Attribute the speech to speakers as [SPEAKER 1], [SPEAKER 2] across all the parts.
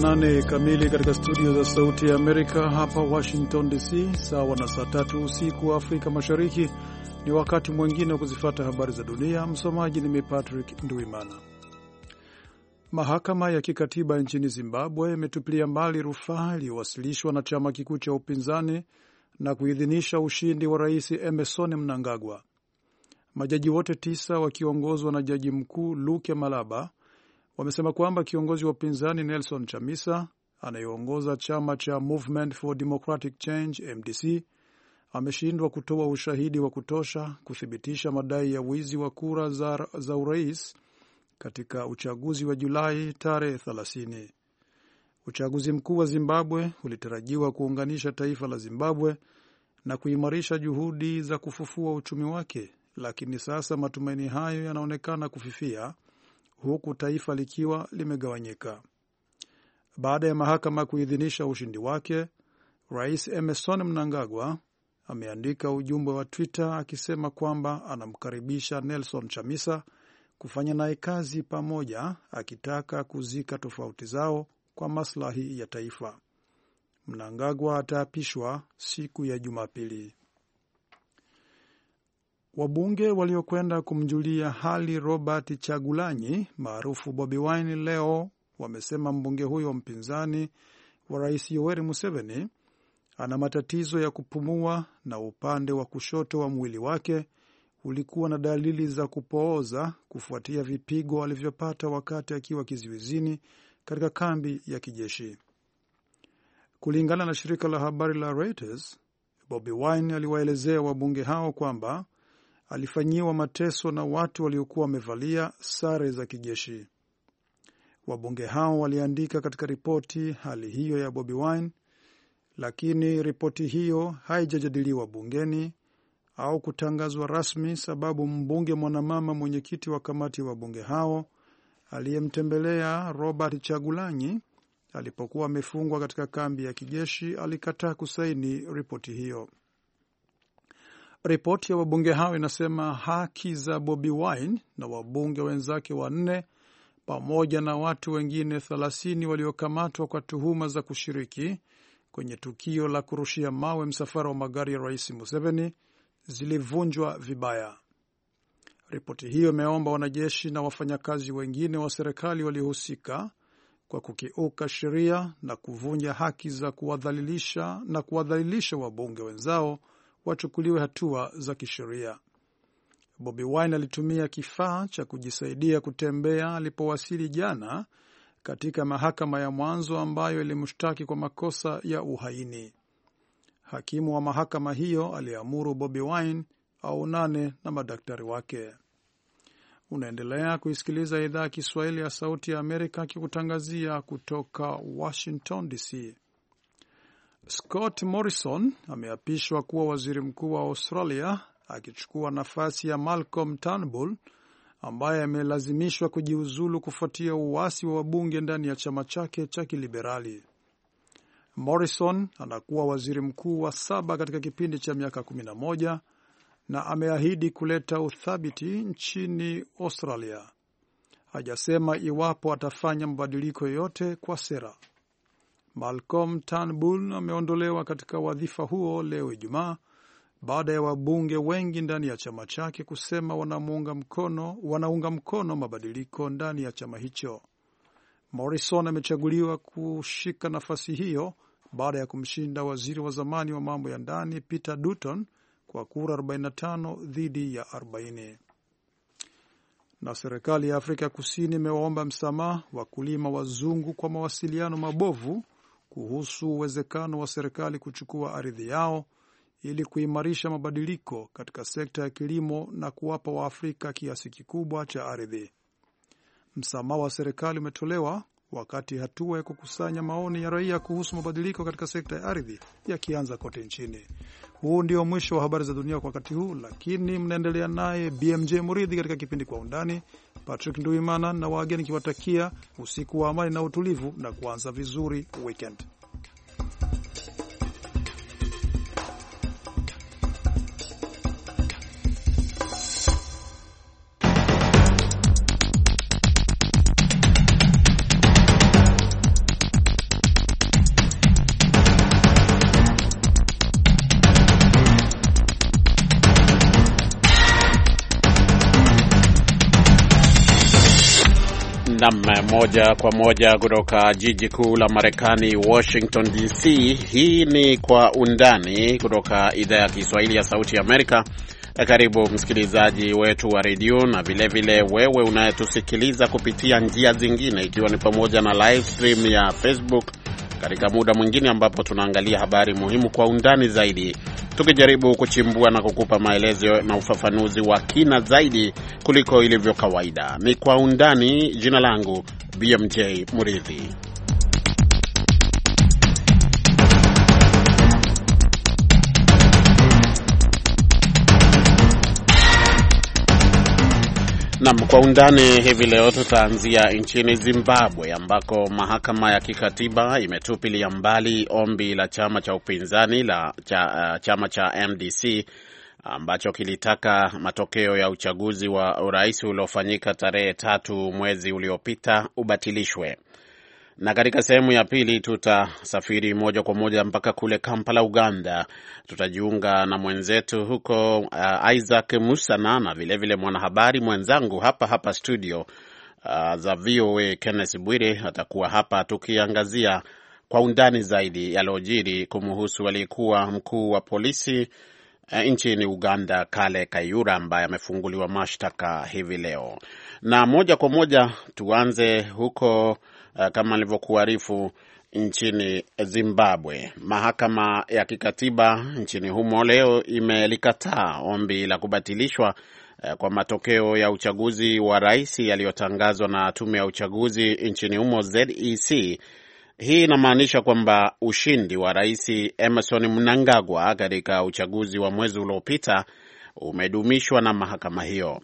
[SPEAKER 1] saa 8 kamili katika studio za Sauti ya Amerika hapa Washington DC, sawa na saa tatu usiku wa Afrika Mashariki. Ni wakati mwingine wa kuzifata habari za dunia. Msomaji ni mimi Patrick Nduimana. Mahakama ya kikatiba nchini Zimbabwe imetupilia mbali rufaa iliyowasilishwa na chama kikuu cha upinzani na kuidhinisha ushindi wa rais Emerson Mnangagwa. Majaji wote tisa wakiongozwa na jaji mkuu Luke Malaba wamesema kwamba kiongozi wa upinzani Nelson Chamisa anayeongoza chama cha Movement for Democratic Change MDC ameshindwa kutoa ushahidi wa kutosha kuthibitisha madai ya wizi wa kura za, za urais katika uchaguzi wa Julai tarehe 30. Uchaguzi mkuu wa Zimbabwe ulitarajiwa kuunganisha taifa la Zimbabwe na kuimarisha juhudi za kufufua uchumi wake, lakini sasa matumaini hayo yanaonekana kufifia huku taifa likiwa limegawanyika. Baada ya mahakama kuidhinisha ushindi wake, Rais Emerson Mnangagwa ameandika ujumbe wa Twitter akisema kwamba anamkaribisha Nelson Chamisa kufanya naye kazi pamoja, akitaka kuzika tofauti zao kwa maslahi ya taifa. Mnangagwa ataapishwa siku ya Jumapili. Wabunge waliokwenda kumjulia hali Robert Chagulanyi maarufu Bobi Wine leo wamesema mbunge huyo wa mpinzani wa rais Yoweri Museveni ana matatizo ya kupumua na upande wa kushoto wa mwili wake ulikuwa na dalili za kupooza kufuatia vipigo alivyopata wakati akiwa kizuizini katika kambi ya kijeshi. Kulingana na shirika la habari la Reuters, Bobi Wine aliwaelezea wabunge hao kwamba alifanyiwa mateso na watu waliokuwa wamevalia sare za kijeshi. Wabunge hao waliandika katika ripoti hali hiyo ya Bobi Wine, lakini ripoti hiyo haijajadiliwa bungeni au kutangazwa rasmi, sababu mbunge mwanamama mwenyekiti wa kamati ya wabunge hao aliyemtembelea Robert Chagulanyi alipokuwa amefungwa katika kambi ya kijeshi alikataa kusaini ripoti hiyo. Ripoti ya wabunge hao inasema haki za Bobi Wine na wabunge wenzake wanne pamoja na watu wengine 30 waliokamatwa kwa tuhuma za kushiriki kwenye tukio la kurushia mawe msafara wa magari ya rais Museveni zilivunjwa vibaya. Ripoti hiyo imeomba wanajeshi na wafanyakazi wengine wa serikali waliohusika kwa kukiuka sheria na kuvunja haki za kuwadhalilisha na kuwadhalilisha wabunge wenzao wachukuliwe hatua za kisheria. Bobi Wine alitumia kifaa cha kujisaidia kutembea alipowasili jana katika mahakama ya mwanzo ambayo ilimshtaki kwa makosa ya uhaini. Hakimu wa mahakama hiyo aliamuru Bobi Wine aonane na madaktari wake. Unaendelea kuisikiliza idhaa ya Kiswahili ya Sauti ya Amerika akikutangazia kutoka Washington DC. Scott Morrison ameapishwa kuwa waziri mkuu wa Australia akichukua nafasi ya Malcolm Turnbull ambaye amelazimishwa kujiuzulu kufuatia uasi wa wabunge ndani ya chama chake cha Kiliberali. Morrison anakuwa waziri mkuu wa saba katika kipindi cha miaka 11 na ameahidi kuleta uthabiti nchini Australia. Hajasema iwapo atafanya mabadiliko yoyote kwa sera. Malcolm Turnbull ameondolewa katika wadhifa huo leo Ijumaa baada ya wabunge wengi ndani ya chama chake kusema wanaunga mkono, wanaunga mkono mabadiliko ndani ya chama hicho. Morrison amechaguliwa kushika nafasi hiyo baada ya kumshinda waziri wa zamani wa mambo ya ndani Peter Dutton kwa kura 45 dhidi ya 40. Na serikali ya Afrika Kusini imewaomba msamaha wakulima wazungu kwa mawasiliano mabovu kuhusu uwezekano wa serikali kuchukua ardhi yao ili kuimarisha mabadiliko katika sekta ya kilimo na kuwapa Waafrika kiasi kikubwa cha ardhi. Msamaha wa serikali umetolewa wakati hatua ya kukusanya maoni ya raia kuhusu mabadiliko katika sekta ya ardhi yakianza kote nchini. Huu ndio mwisho wa habari za dunia kwa wakati huu, lakini mnaendelea naye BMJ Muridhi katika kipindi Kwa Undani. Patrick Nduimana na wageni kiwatakia usiku wa amani na utulivu na kuanza vizuri weekend.
[SPEAKER 2] Moja kwa moja kutoka jiji kuu la Marekani, Washington DC. Hii ni Kwa Undani kutoka idhaa ya Kiswahili ya Sauti Amerika. Karibu msikilizaji wetu wa redio na vilevile vile wewe unayetusikiliza kupitia njia zingine, ikiwa ni pamoja na live stream ya Facebook, katika muda mwingine ambapo tunaangalia habari muhimu kwa undani zaidi tukijaribu kuchimbua na kukupa maelezo na ufafanuzi wa kina zaidi kuliko ilivyo kawaida. Ni kwa undani. Jina langu BMJ Muridhi. Nam, kwa undani hivi leo tutaanzia nchini Zimbabwe ambako mahakama ya kikatiba imetupilia mbali ombi la chama cha upinzani la cha, uh, chama cha MDC ambacho kilitaka matokeo ya uchaguzi wa urais uliofanyika tarehe tatu mwezi uliopita ubatilishwe na katika sehemu ya pili tutasafiri moja kwa moja mpaka kule Kampala, Uganda. Tutajiunga na mwenzetu huko uh, Isaac Musana na vilevile mwanahabari mwenzangu hapa hapa studio uh, za VOA Kenneth Bwire atakuwa hapa tukiangazia kwa undani zaidi yaliyojiri kumhusu aliyekuwa mkuu wa polisi uh, nchini Uganda Kale Kayura ambaye amefunguliwa mashtaka hivi leo. Na moja kwa moja tuanze huko Uh, kama nilivyokuarifu nchini Zimbabwe. Mahakama ya kikatiba nchini humo leo imelikataa ombi la kubatilishwa uh, kwa matokeo ya uchaguzi wa rais yaliyotangazwa na tume ya uchaguzi nchini humo ZEC. Hii inamaanisha kwamba ushindi wa rais Emerson Mnangagwa katika uchaguzi wa mwezi uliopita umedumishwa na mahakama hiyo.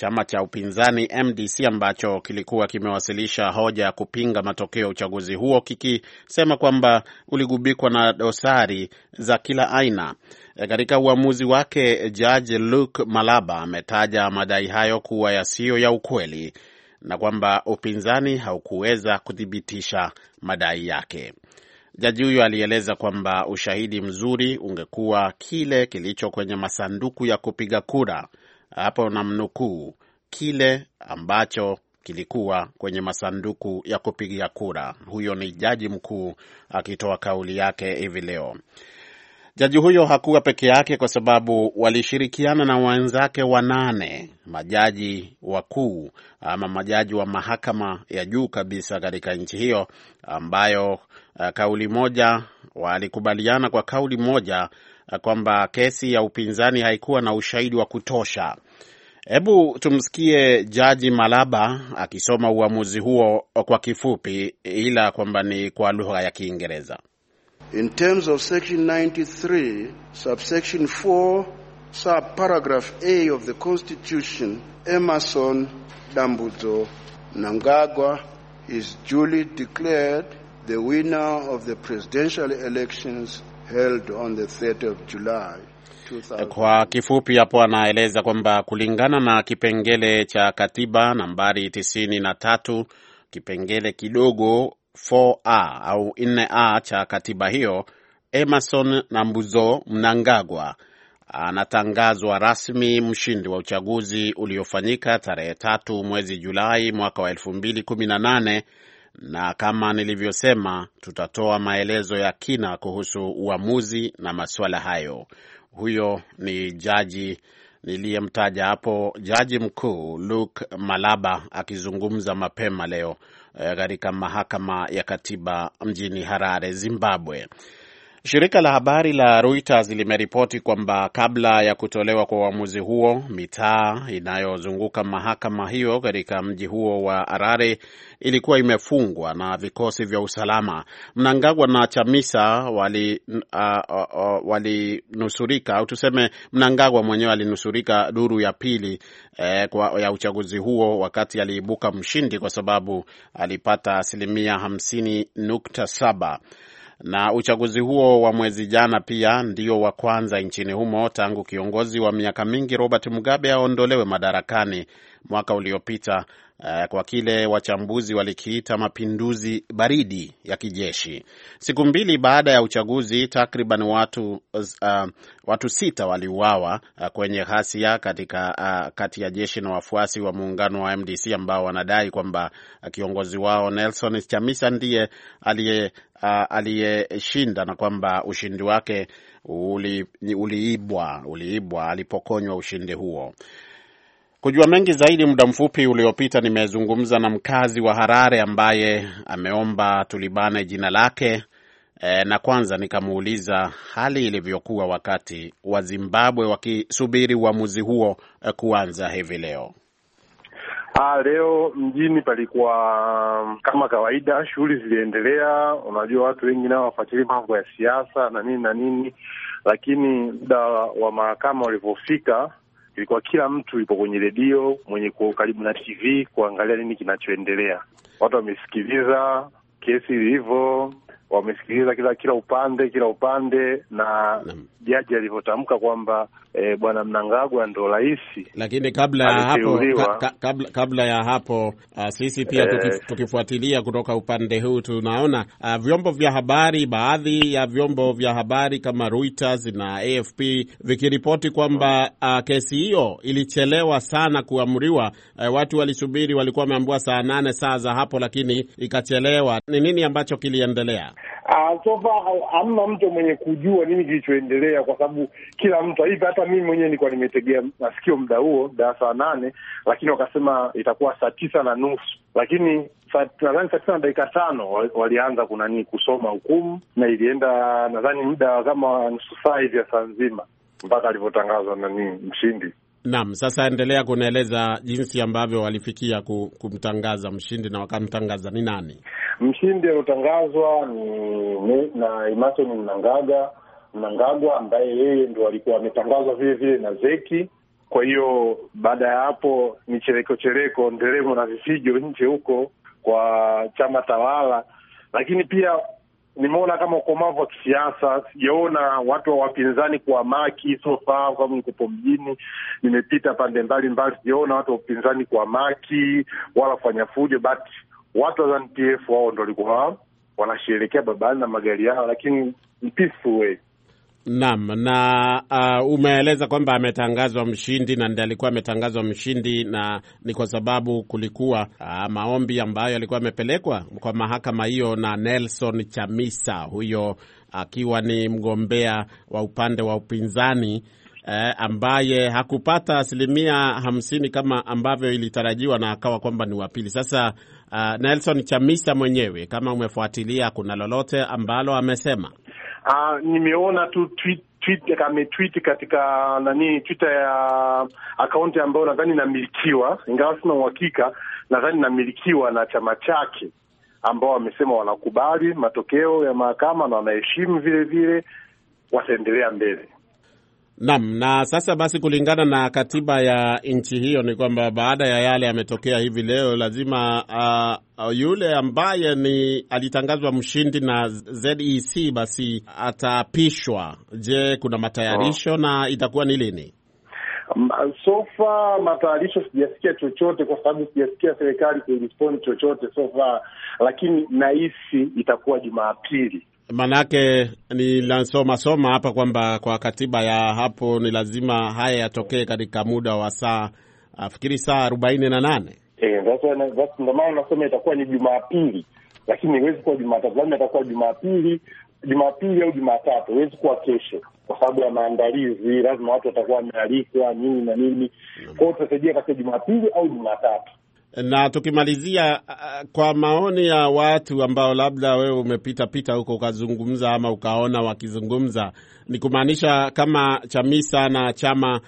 [SPEAKER 2] Chama cha upinzani MDC ambacho kilikuwa kimewasilisha hoja ya kupinga matokeo ya uchaguzi huo kikisema kwamba uligubikwa na dosari za kila aina. E, katika uamuzi wake, Jaji Luke Malaba ametaja madai hayo kuwa yasiyo ya ukweli na kwamba upinzani haukuweza kuthibitisha madai yake. Jaji huyo alieleza kwamba ushahidi mzuri ungekuwa kile kilicho kwenye masanduku ya kupiga kura hapo na mnukuu kile ambacho kilikuwa kwenye masanduku ya kupigia kura. Huyo ni jaji mkuu akitoa kauli yake hivi leo. Jaji huyo hakuwa peke yake, kwa sababu walishirikiana na wenzake wanane majaji wakuu ama majaji wa mahakama ya juu kabisa katika nchi hiyo, ambayo eh, kauli moja walikubaliana kwa kauli moja Eh, kwamba kesi ya upinzani haikuwa na ushahidi wa kutosha. Hebu tumsikie Jaji Malaba akisoma uamuzi huo kwa kifupi, ila kwamba ni kwa lugha ya Kiingereza.
[SPEAKER 1] In terms of section 93 subsection 4
[SPEAKER 2] subparagraph A of the Constitution Emerson
[SPEAKER 3] Dambudzo Nangagwa is duly declared the winner of the presidential elections held on the of July.
[SPEAKER 2] Kwa kifupi hapo anaeleza kwamba kulingana na kipengele cha katiba nambari 93 kipengele kidogo 4a au 4a cha katiba hiyo, Emerson Nambuzo Mnangagwa anatangazwa rasmi mshindi wa uchaguzi uliofanyika tarehe tatu mwezi Julai mwaka wa elfu mbili kumi na nane na kama nilivyosema, tutatoa maelezo ya kina kuhusu uamuzi na masuala hayo. Huyo ni jaji niliyemtaja hapo, jaji mkuu Luke Malaba akizungumza mapema leo eh, katika mahakama ya katiba mjini Harare, Zimbabwe. Shirika la habari la Reuters limeripoti kwamba kabla ya kutolewa kwa uamuzi huo, mitaa inayozunguka mahakama hiyo katika mji huo wa Harare ilikuwa imefungwa na vikosi vya usalama. Mnangagwa na Chamisa walinusurika uh, uh, uh, wali au tuseme Mnangagwa mwenyewe alinusurika duru ya pili eh, kwa, ya uchaguzi huo wakati aliibuka mshindi kwa sababu alipata asilimia hamsini nukta saba. Na uchaguzi huo wa mwezi jana pia ndio wa kwanza nchini humo tangu kiongozi wa miaka mingi Robert Mugabe aondolewe madarakani mwaka uliopita Eh, kwa kile wachambuzi walikiita mapinduzi baridi ya kijeshi. Siku mbili baada ya uchaguzi, takriban watu, uh, watu sita waliuawa uh, kwenye ghasia katika uh, kati ya jeshi na wafuasi wa muungano wa MDC ambao wanadai kwamba kiongozi wao Nelson Chamisa ndiye aliyeshinda Uh, aliyeshinda na kwamba ushindi wake uliibwa uliibwa alipokonywa ushindi huo. Kujua mengi zaidi, muda mfupi uliopita nimezungumza na mkazi wa Harare ambaye ameomba tulibane jina lake e, na kwanza nikamuuliza hali ilivyokuwa wakati wa Zimbabwe wakisubiri uamuzi huo e, kuanza hivi leo.
[SPEAKER 4] Ah, leo mjini palikuwa mm, kama kawaida, shughuli ziliendelea. Unajua, watu wengi nao wafuatilia mambo ya siasa na nini na nini, lakini muda wa mahakama walivyofika ilikuwa kila mtu yupo kwenye redio, mwenye kuwa karibu na TV kuangalia nini kinachoendelea, watu wamesikiliza kesi ilivyo wamesikiliza kila kila upande kila upande na jaji alivyotamka kwamba e, bwana Mnangagwa ndo rais.
[SPEAKER 2] Lakini kabla ya hapo ka, kabla, kabla ya hapo uh, sisi pia e, tukifuatilia kutoka upande huu tunaona uh, vyombo vya habari, baadhi ya vyombo vya habari kama Reuters na AFP vikiripoti kwamba uh, kesi hiyo ilichelewa sana kuamriwa. Uh, watu walisubiri, walikuwa wameambiwa saa nane saa za hapo, lakini ikachelewa. Ni nini ambacho kiliendelea?
[SPEAKER 4] Uh, so far hamna mtu mwenye kujua nini kilichoendelea, kwa sababu kila mtu hivi. Hata mimi mwenyewe nilikuwa nimetegea masikio muda huo da saa nane, lakini wakasema itakuwa saa tisa na nusu, lakini nadhani saa tisa na dakika tano walianza nini kusoma hukumu, na ilienda nadhani muda kama nusu saa hivi ya saa nzima mpaka alivyotangazwa nani mshindi.
[SPEAKER 2] Naam, sasa endelea kunaeleza jinsi ambavyo walifikia kumtangaza mshindi na wakamtangaza ni nani
[SPEAKER 4] mshindi. Aliotangazwa ni na Emmerson mnangaga Mnangagwa ambaye yeye ndo alikuwa ametangazwa vile vile na Zeki. Kwa hiyo baada ya hapo ni chereko chereko, nderemo na vifijo nje huko kwa chama tawala, lakini pia nimeona kama ukomavu wa kisiasa. Sijaona watu wa wapinzani maki sofa, kwa sababu mjini, nimepita pande mbalimbali, sijaona watu wa upinzani maki wala kufanya fujo, but watu wa wao ndo walikuwa wanasherekea babani na magari yao, lakini peaceful way
[SPEAKER 2] Naam, na uh, umeeleza kwamba ametangazwa mshindi na ndiye alikuwa ametangazwa mshindi, na ni kwa sababu kulikuwa uh, maombi ambayo alikuwa amepelekwa kwa mahakama hiyo na Nelson Chamisa, huyo akiwa ni mgombea wa upande wa upinzani uh, ambaye hakupata asilimia hamsini kama ambavyo ilitarajiwa na akawa kwamba ni wa pili. Sasa uh, Nelson Chamisa mwenyewe, kama umefuatilia, kuna lolote ambalo amesema?
[SPEAKER 4] Uh, nimeona tu tweet, tweet, ametweet katika nani Twitter ya akaunti ambayo nadhani inamilikiwa, ingawa sina uhakika, nadhani inamilikiwa na chama chake, ambao wamesema wanakubali matokeo ya mahakama na wanaheshimu vile vile, wataendelea mbele.
[SPEAKER 2] Naam. Na sasa basi, kulingana na katiba ya nchi hiyo ni kwamba baada ya yale yametokea hivi leo, lazima uh, uh yule ambaye ni alitangazwa mshindi na ZEC basi ataapishwa. Je, kuna matayarisho oh, na itakuwa ni lini?
[SPEAKER 4] Um, sofa matayarisho sijasikia chochote, kwa sababu sijasikia serikali kurespondi chochote sofa, lakini nahisi itakuwa Jumapili
[SPEAKER 2] Manake ninasomasoma soma hapa kwamba kwa katiba ya hapo ni lazima haya yatokee katika muda wa saa afikiri saa arobaini na nane.
[SPEAKER 4] E, ndio maana unasema itakuwa ni Jumapili, lakini iwezi kuwa Jumatatu, lazima itakuwa Jumapili, Jumapili au Jumatatu, iwezi kuwa kesho kwa sababu ya maandalizi. Lazima watu watakuwa wamealikwa nini na nini, kwa hiyo tutarejea katika Jumapili au Jumatatu.
[SPEAKER 2] Na tukimalizia kwa maoni ya watu ambao labda wewe umepita pita huko ukazungumza ama ukaona wakizungumza, ni kumaanisha kama Chamisa na chama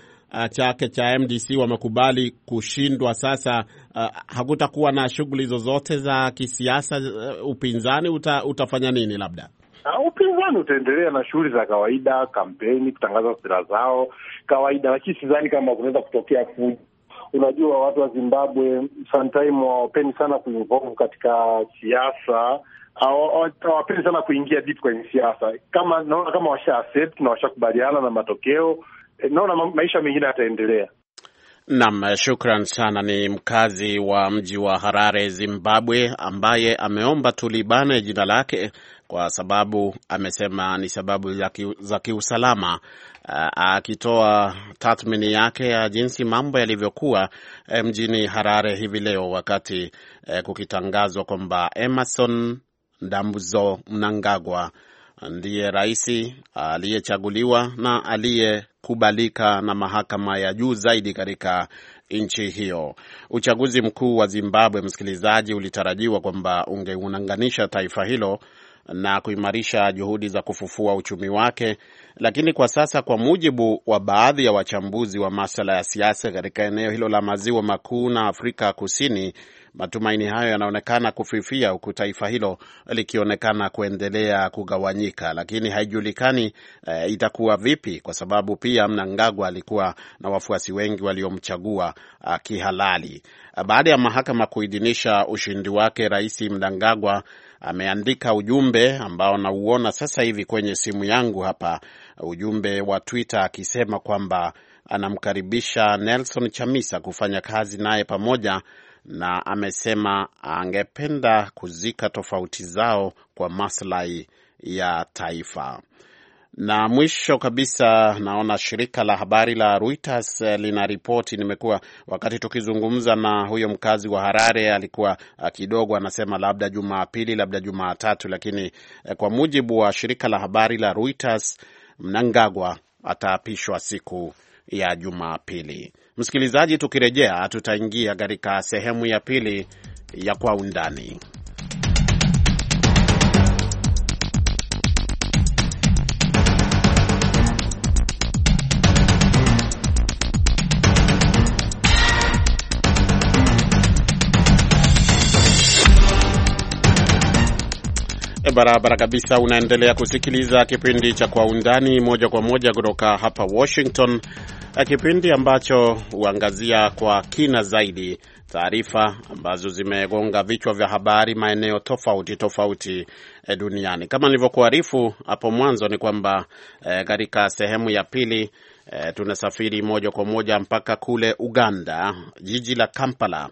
[SPEAKER 2] chake cha MDC wamekubali kushindwa, sasa uh, hakutakuwa na shughuli zozote za kisiasa uh, upinzani uta, utafanya nini labda?
[SPEAKER 4] Uh, upinzani utaendelea na shughuli za kawaida, kampeni, kutangaza sera zao kawaida, lakini sidhani kama kunaweza kutokea fujo Unajua, watu wa Zimbabwe sometime hawapendi sana kuinvolve katika siasa, hawapendi sana kuingia deep kwenye siasa. Kama naona kama washa accept na washakubaliana na matokeo, eh, naona maisha mengine yataendelea.
[SPEAKER 2] Naam, eh, shukran sana. Ni mkazi wa mji wa Harare, Zimbabwe, ambaye ameomba tulibane jina lake kwa sababu amesema ni sababu za kiusalama, uh, akitoa tathmini yake ya jinsi mambo yalivyokuwa eh, mjini Harare hivi leo wakati eh, kukitangazwa kwamba Emerson Dambuzo Mnangagwa ndiye rais aliyechaguliwa na aliyekubalika na mahakama ya juu zaidi katika nchi hiyo. Uchaguzi mkuu wa Zimbabwe, msikilizaji, ulitarajiwa kwamba ungeunanganisha taifa hilo na kuimarisha juhudi za kufufua uchumi wake, lakini kwa sasa, kwa mujibu wa baadhi ya wachambuzi wa masala ya siasa katika eneo hilo la maziwa makuu na Afrika Kusini, matumaini hayo yanaonekana kufifia, huku taifa hilo likionekana kuendelea kugawanyika, lakini haijulikani e, itakuwa vipi, kwa sababu pia Mnangagwa alikuwa na wafuasi wengi waliomchagua ah, kihalali. Baada ya mahakama kuidhinisha ushindi wake, Rais Mnangagwa ameandika ujumbe ambao nauona sasa hivi kwenye simu yangu hapa, ujumbe wa Twitter akisema kwamba anamkaribisha Nelson Chamisa kufanya kazi naye pamoja, na amesema angependa kuzika tofauti zao kwa maslahi ya taifa. Na mwisho kabisa, naona shirika la habari la Reuters eh, ripoti nimekuwa wakati tukizungumza na huyo mkazi wa Harare alikuwa eh, kidogo anasema labda Jumapili, labda Jumatatu, lakini eh, kwa mujibu wa shirika la habari la Reuters, Mnangagwa ataapishwa siku ya Jumapili. Msikilizaji, tukirejea tutaingia katika sehemu ya pili ya kwa undani. barabara kabisa. Unaendelea kusikiliza kipindi cha Kwa Undani moja kwa moja kutoka hapa Washington, kipindi ambacho huangazia kwa kina zaidi taarifa ambazo zimegonga vichwa vya habari maeneo tofauti tofauti eh, duniani. Kama nilivyokuarifu hapo mwanzo, ni kwamba eh, katika eh, sehemu ya pili eh, tunasafiri moja kwa moja mpaka kule Uganda, jiji la Kampala,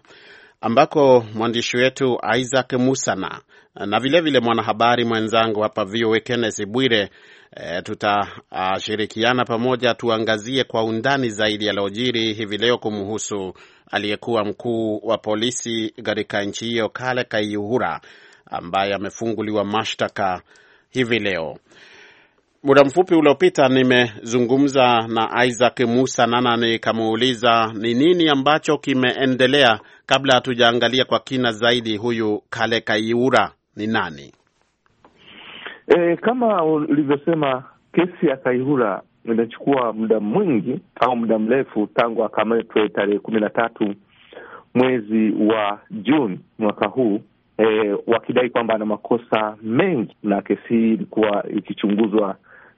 [SPEAKER 2] ambako mwandishi wetu Isaac Musana na vilevile mwanahabari mwenzangu hapa VOA Kenneth Bwire. E, tutashirikiana pamoja tuangazie kwa undani zaidi yaliyojiri hivi leo kumhusu aliyekuwa mkuu wa polisi katika nchi hiyo Kale Kayihura ambaye amefunguliwa mashtaka hivi leo. Muda mfupi uliopita nimezungumza na Isaac Musa Nana, nikamuuliza ni nini ambacho kimeendelea kabla hatujaangalia kwa kina zaidi huyu Kale Kayihura ni nani?
[SPEAKER 5] E, kama ulivyosema kesi ya Kaihura inachukua muda mwingi au muda mrefu tangu akamatwe tarehe kumi na tatu mwezi wa Juni mwaka huu e, wakidai kwamba ana makosa mengi, na kesi hii ilikuwa ikichunguzwa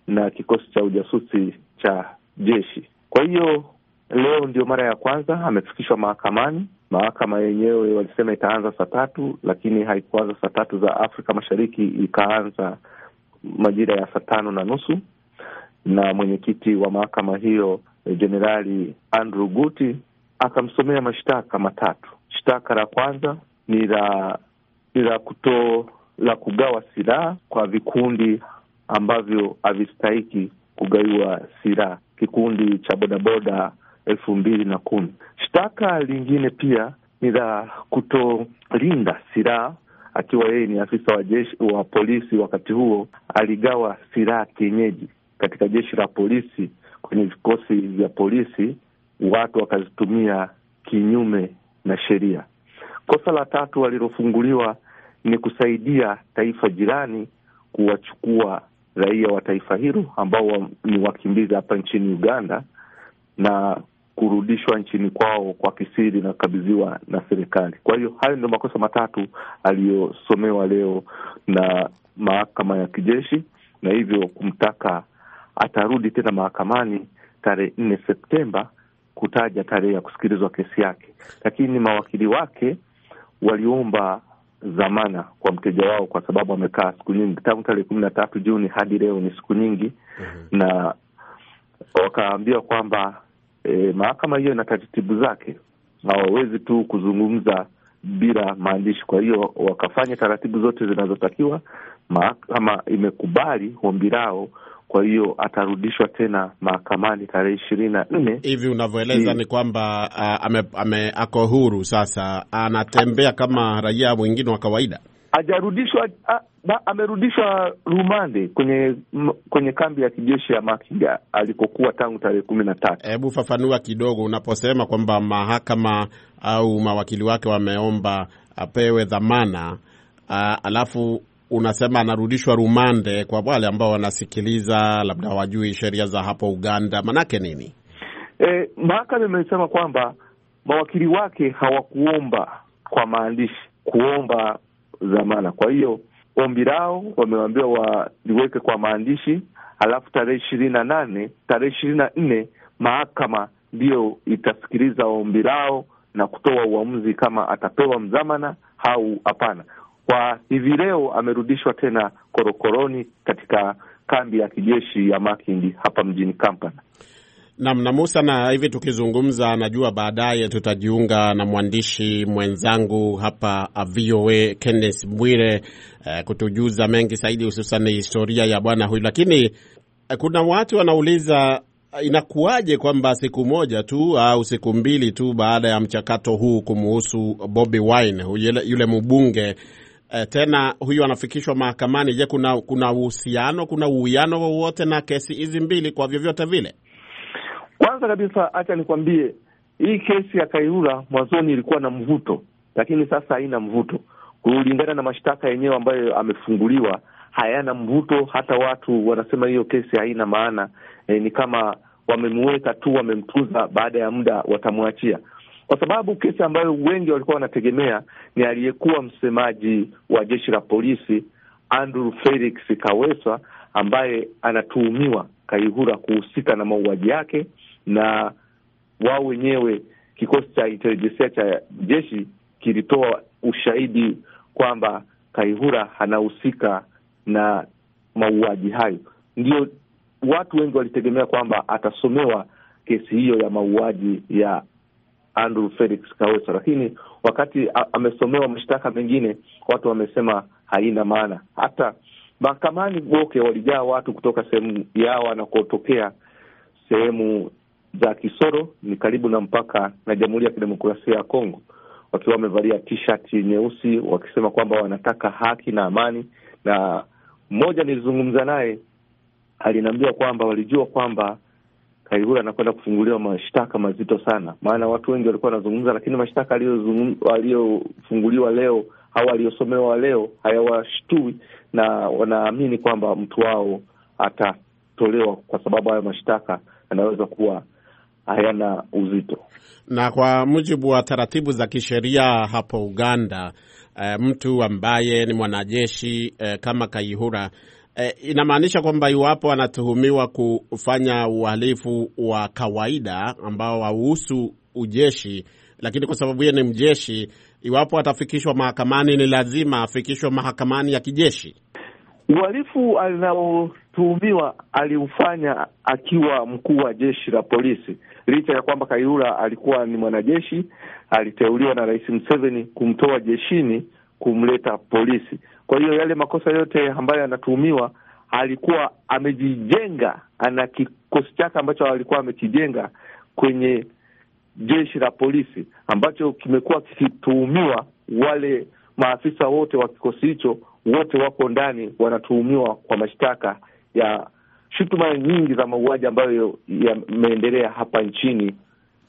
[SPEAKER 5] na kikosi cha ujasusi cha jeshi. Kwa hiyo leo ndio mara ya kwanza amefikishwa mahakamani Mahakama yenyewe walisema itaanza saa tatu, lakini haikuanza saa tatu za Afrika Mashariki, ikaanza majira ya saa tano na nusu na mwenyekiti wa mahakama hiyo Jenerali Andrew Guti akamsomea mashtaka matatu. Shtaka la kwanza ni la la kuto la kugawa silaha kwa vikundi ambavyo havistahiki kugawiwa silaha. Kikundi cha bodaboda elfu mbili na kumi. Shtaka lingine pia ni la kutolinda silaha akiwa yeye ni afisa wa jeshi wa polisi. Wakati huo aligawa silaha kienyeji katika jeshi la polisi, kwenye vikosi vya polisi, watu wakazitumia kinyume na sheria. Kosa la tatu alilofunguliwa ni kusaidia taifa jirani kuwachukua raia wa taifa hilo ambao ni wakimbizi hapa nchini Uganda na kurudishwa nchini kwao kwa kisiri na kukabidhiwa na serikali. Kwa hiyo hayo ndio makosa matatu aliyosomewa leo na mahakama ya kijeshi, na hivyo kumtaka atarudi tena mahakamani tarehe nne Septemba kutaja tarehe ya kusikilizwa kesi yake, lakini mawakili wake waliomba dhamana kwa mteja wao kwa sababu amekaa siku nyingi tangu tarehe kumi na tatu Juni hadi leo ni siku nyingi. mm -hmm. na wakaambiwa kwamba e, mahakama hiyo ina taratibu zake, hawawezi tu kuzungumza bila maandishi. Kwa hiyo wakafanya taratibu zote zinazotakiwa, mahakama imekubali ombi lao. Kwa hiyo atarudishwa tena mahakamani tarehe ishirini na nne. Hivi
[SPEAKER 2] unavyoeleza ni kwamba ame, ame ako huru sasa, anatembea kama raia mwingine wa kawaida
[SPEAKER 5] hajarudishwa ah, amerudishwa rumande kwenye kwenye kambi ya kijeshi ya Makiga alikokuwa tangu tarehe kumi na tatu.
[SPEAKER 2] Hebu fafanua kidogo unaposema kwamba mahakama au mawakili wake wameomba apewe dhamana a, ah, alafu unasema anarudishwa rumande. Kwa wale ambao wanasikiliza labda hawajui sheria za hapo Uganda, manake nini?
[SPEAKER 5] E, mahakama imesema kwamba mawakili wake hawakuomba kwa maandishi kuomba dhamana. Kwa hiyo ombi lao wamewambiwa waliweke kwa maandishi, alafu tarehe ishirini na nane tarehe ishirini na nne mahakama ndiyo itasikiliza ombi lao na kutoa uamuzi kama atapewa mdhamana au hapana. Kwa hivi leo amerudishwa tena korokoroni katika kambi ya kijeshi ya Makindi hapa mjini Kampala
[SPEAKER 2] na Musa na hivi tukizungumza, najua baadaye tutajiunga na mwandishi mwenzangu hapa VOA Kenneth Bwire eh, kutujuza mengi zaidi, hususan historia ya bwana huyu. Lakini eh, kuna watu wanauliza eh, inakuwaje kwamba siku moja tu au siku mbili tu baada ya mchakato huu kumuhusu Bobi Wine yule, yule mbunge eh, tena huyu anafikishwa mahakamani. Je, kuna kuna uhusiano, kuna uwiano wowote na kesi hizi mbili kwa vyovyote vile? Kwanza
[SPEAKER 5] kabisa, hacha nikwambie hii kesi ya Kairura mwanzoni ilikuwa na mvuto, lakini sasa haina mvuto kulingana na mashtaka yenyewe ambayo amefunguliwa hayana mvuto. Hata watu wanasema hiyo kesi haina maana. E, ni kama wamemuweka tu, wamemtuza, baada ya muda watamwachia, kwa sababu kesi ambayo wengi walikuwa wanategemea ni aliyekuwa msemaji wa jeshi la polisi Andrew Felix Kaweesa ambaye anatuhumiwa Kaihura kuhusika na mauaji yake na wao wenyewe kikosi cha intelijensia cha jeshi kilitoa ushahidi kwamba Kaihura anahusika na mauaji hayo. Ndio watu wengi walitegemea kwamba atasomewa kesi hiyo ya mauaji ya Andrew Felix Kaweso, lakini wakati amesomewa mashtaka mengine, watu wamesema haina maana. Hata mahakamani Boke walijaa watu kutoka sehemu yao anakotokea sehemu za Kisoro ni karibu na mpaka na Jamhuri ya Kidemokrasia ya Kongo, wakiwa wamevalia t-shirt nyeusi wakisema kwamba wanataka haki na amani. Na mmoja nilizungumza naye aliniambia kwamba walijua kwamba Kaihura anakwenda kufunguliwa mashtaka mazito sana, maana watu wengi walikuwa wanazungumza, lakini mashtaka aliyofunguliwa leo au aliyosomewa leo hayawashtui na wanaamini kwamba mtu wao atatolewa, kwa sababu hayo mashtaka yanaweza kuwa hayana uzito.
[SPEAKER 2] Na kwa mujibu wa taratibu za kisheria hapo Uganda, e, mtu ambaye ni mwanajeshi e, kama Kayihura e, eh, inamaanisha kwamba iwapo anatuhumiwa kufanya uhalifu wa kawaida ambao hauhusu ujeshi, lakini kwa sababu yeye ni mjeshi, iwapo atafikishwa mahakamani, ni lazima afikishwe mahakamani ya kijeshi.
[SPEAKER 5] Uhalifu anaotuhumiwa aliufanya akiwa mkuu wa jeshi la polisi, licha ya kwamba Kayihura alikuwa ni mwanajeshi, aliteuliwa na Rais Museveni kumtoa jeshini kumleta polisi. Kwa hiyo yale makosa yote ambayo yanatuhumiwa alikuwa amejijenga, ana kikosi chake ambacho alikuwa amekijenga kwenye jeshi la polisi ambacho kimekuwa kikituhumiwa. Wale maafisa wote wa kikosi hicho wote wako ndani, wanatuhumiwa kwa mashtaka ya shutuma nyingi za mauaji ambayo yameendelea hapa nchini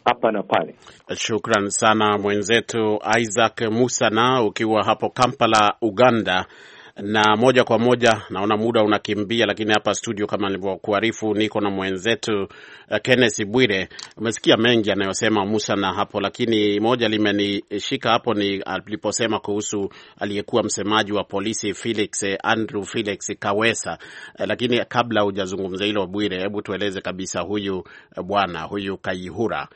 [SPEAKER 5] hapa na pale.
[SPEAKER 2] Shukran sana mwenzetu Isaac Musa, na ukiwa hapo Kampala, Uganda na moja kwa moja naona muda unakimbia, lakini hapa studio kama nilivyokuarifu niko na mwenzetu uh, Kenneth Bwire. Umesikia mengi anayosema Musa na hapo, lakini moja limenishika hapo ni aliposema kuhusu aliyekuwa msemaji wa polisi Felix eh, Andrew Felix Kawesa. Uh, lakini kabla hujazungumza hilo Bwire, hebu tueleze kabisa huyu uh, bwana huyu Kaihura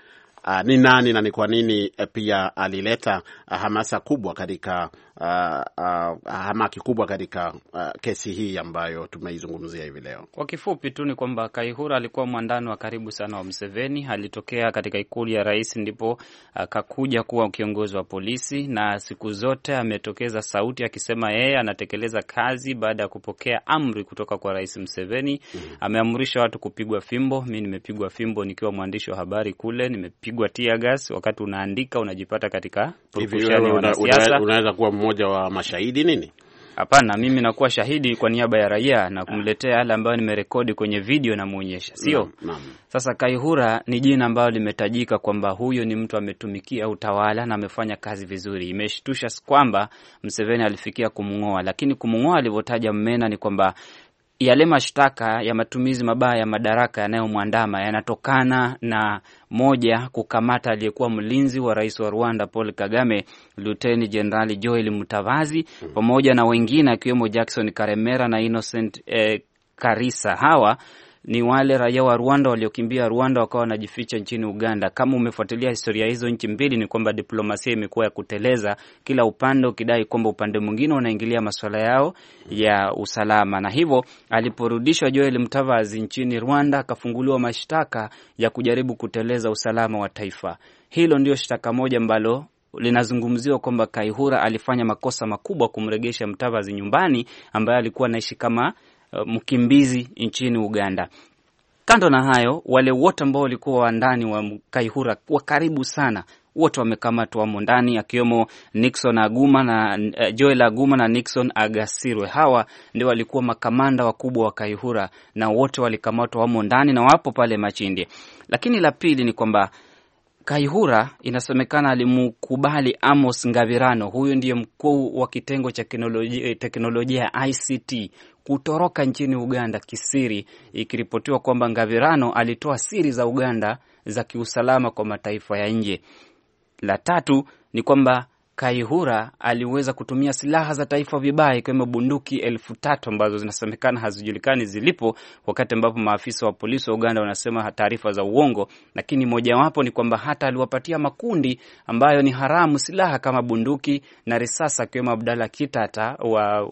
[SPEAKER 2] Uh, ni nani na ni kwa nini pia alileta hamasa kubwa katika uh, uh, hamaki kubwa katika uh, kesi hii ambayo tumeizungumzia hivi leo.
[SPEAKER 3] Kwa kifupi tu ni kwamba Kaihura alikuwa mwandani wa karibu sana wa Mseveni, alitokea katika ikulu ya rais, ndipo akakuja uh, kuwa kiongozi wa polisi, na siku zote ametokeza sauti akisema yeye anatekeleza kazi baada ya kupokea amri kutoka kwa rais Mseveni. mm -hmm. Ameamrisha watu kupigwa fimbo. Mi nimepigwa fimbo nikiwa mwandishi wa habari kule, nimepigwa tear gas wakati unaandika, unajipata katika purukushani wanasiasa, unaweza kuwa mmoja wa mashahidi nini? Hapana, mimi nakuwa shahidi kwa niaba ya raia na kumletea yale ambayo nimerekodi kwenye video namwonyesha, sio Sasa Kaihura ni jina ambalo limetajika kwamba huyo ni mtu ametumikia utawala na amefanya kazi vizuri. Imeshtusha kwamba Mseveni alifikia kumng'oa, lakini kumng'oa alivyotaja Mmena ni kwamba yale mashtaka ya matumizi mabaya ya madaraka yanayomwandama yanatokana na moja, kukamata aliyekuwa mlinzi wa rais wa Rwanda Paul Kagame, Luteni Jenerali Joel Mutavazi mm -hmm. pamoja na wengine akiwemo Jackson Karemera na Innocent eh, Karisa hawa ni wale raia wa Rwanda waliokimbia Rwanda wakawa wanajificha nchini Uganda. Kama umefuatilia historia hizo nchi mbili, ni kwamba diplomasia imekuwa ya kuteleza, kila upande ukidai kwamba upande mwingine unaingilia masuala yao ya usalama. Na hivyo aliporudishwa Joel Mtavazi nchini Rwanda, akafunguliwa mashtaka ya kujaribu kuteleza usalama wa taifa. Hilo ndio shtaka moja ambalo linazungumziwa kwamba Kaihura alifanya makosa makubwa kumregesha Mtavazi nyumbani ambaye alikuwa anaishi kama Eh, mkimbizi nchini Uganda. Kando na hayo, wale wote ambao walikuwa wandani wa Kaihura wa karibu sana wote wamekamatwa wamo ndani, akiwemo Nixon Aguma na uh, Joel Aguma na Nixon Agasirwe. Hawa ndio walikuwa makamanda wakubwa wa Kaihura na wote walikamatwa wamo ndani na wapo pale Machindi. Lakini la pili ni kwamba Kaihura inasemekana alimkubali Amos ngavirano huyu ndiye mkuu wa kitengo cha eh, teknolojia ya ICT kutoroka nchini Uganda kisiri, ikiripotiwa kwamba Ngavirano alitoa siri za Uganda za kiusalama kwa mataifa ya nje. La tatu ni kwamba Kaihura aliweza kutumia silaha za taifa vibaya, ikiwemo bunduki elfu tatu ambazo zinasemekana hazijulikani zilipo, wakati ambapo maafisa wa polisi wa Uganda wanasema taarifa za uongo, lakini mojawapo ni kwamba hata aliwapatia makundi ambayo ni haramu silaha kama bunduki na risasa akiwemo Abdalla Kitata wa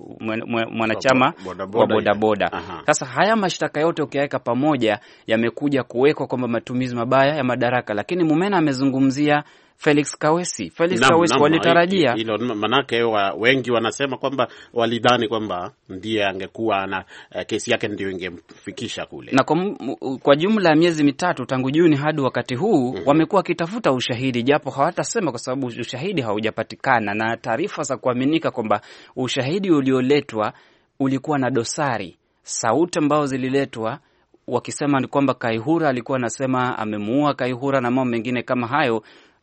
[SPEAKER 3] mwanachama wa bodaboda. Sasa haya mashtaka yote ukiyaweka pamoja yamekuja kuwekwa kwamba matumizi mabaya ya madaraka, lakini Mumena amezungumzia Felix Kawesi. Felix nam, Kawesi walitarajia
[SPEAKER 2] hilo, manake eh, wa, wengi wanasema kwamba walidhani kwamba ndiye angekuwa na uh, kesi
[SPEAKER 3] yake ndio ingemfikisha kule, na kwa, kwa jumla ya miezi mitatu tangu Juni hadi wakati huu mm -hmm. wamekuwa wakitafuta ushahidi japo hawatasema kwa sababu ushahidi haujapatikana, na taarifa za kuaminika kwamba ushahidi ulioletwa ulikuwa na dosari, sauti ambazo zililetwa wakisema ni kwamba Kaihura alikuwa anasema amemuua Kaihura na mambo mengine kama hayo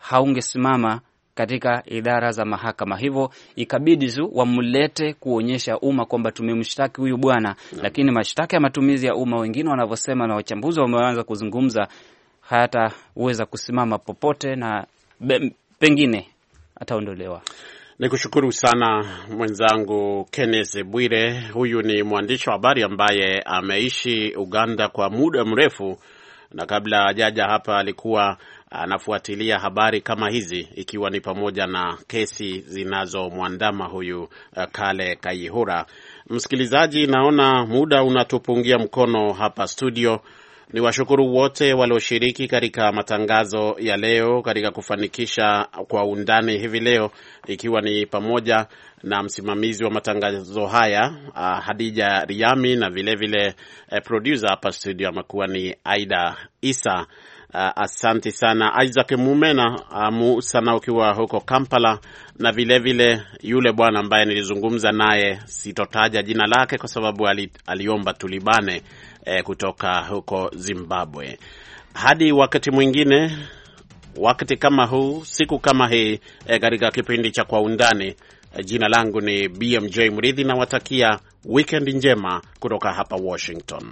[SPEAKER 3] haungesimama katika idara za mahakama, hivyo ikabidi tu wamlete kuonyesha umma kwamba tumemshtaki huyu bwana. Lakini mashtaka ya matumizi ya umma, wengine wanavyosema na wachambuzi wameanza kuzungumza, hataweza kusimama popote na pengine ataondolewa. Ni
[SPEAKER 2] kushukuru sana mwenzangu Kenneth Bwire. Huyu ni mwandishi wa habari ambaye ameishi Uganda kwa muda mrefu na kabla hajaja hapa alikuwa anafuatilia habari kama hizi, ikiwa ni pamoja na kesi zinazomwandama huyu eh, Kale Kaihura. Msikilizaji, naona muda unatupungia mkono hapa studio. Ni washukuru wote walioshiriki katika matangazo ya leo katika kufanikisha kwa undani hivi leo, ikiwa ni pamoja na msimamizi wa matangazo haya uh, Hadija Riami na vilevile vile, uh, producer hapa studio amekuwa ni Aida Isa. Uh, asanti sana Isaac Mumena uh, na ukiwa huko Kampala, na vilevile vile yule bwana ambaye nilizungumza naye, sitotaja jina lake kwa sababu ali, aliomba tulibane uh, kutoka huko Zimbabwe. Hadi wakati mwingine, wakati kama huu, siku kama hii, uh, katika eh, kipindi cha Kwa Undani. Jina langu ni BMJ Mridhi, nawatakia wikendi njema kutoka hapa Washington.